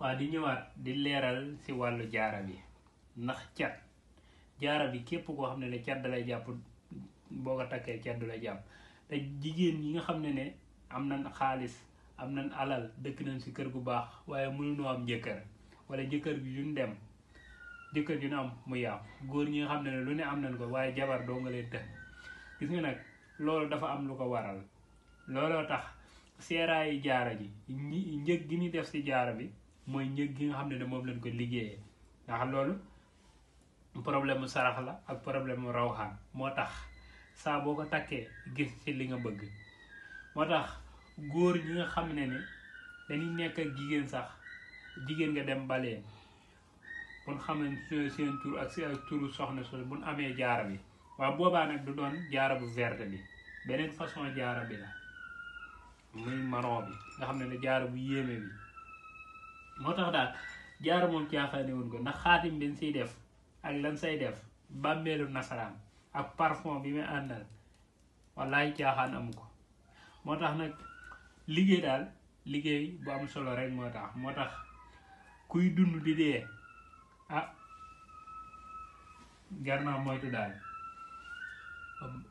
waa di ñëwaat di leeral ci wàllu jaara bi ndax cat jaara bi képp koo xam ne ne cat dalay jàpp boo ko takkee cat du lay jàpp te jigéen ñi nga xam ne ne am na xaalis am nañ alal dëkk nañ ci kër gu baax waaye mënuñoo am jëkkër wala jëkkër bi yuñ dem jëkkër ju ñu am mu yàqu góor ñi nga xam ne ne lu ne am nañ ko waaye jabar doo nga leen tënk gis nga nag loolu dafa am lu ko waral looloo tax seeraayu jaara ji ñi njëkk gi ñu def ci jaara bi mooy ñëg gi nga xam ne ne moom lañ ko liggéeye ndax loolu problème mu sarax la ak problème mu rawxaan moo tax saa boo ko takkee gis ci li nga bëgg moo tax góor ñi nga xam ne ne dañuy nekk ak jigéen sax jigéen nga dem baleen bun xamee seen tur ak seen turu soxna so buñ amee jaara bi waaw boobaa nag du doon jaara bu verte bi beneen façon jaara bi la muy marron bi nga xam ne ne jaara bu yéeme bi moo tax daal jaara moom caaxaane woon ko ndax xaatim bi siy def ak lan say def bàmmeelu nasaraan ak parfum bi muy àndal wallaay caaxaan amu ko moo tax nag liggéey daal liggéey bu am solo rek moo tax moo tax kuy dund di dee ah jar moytu daal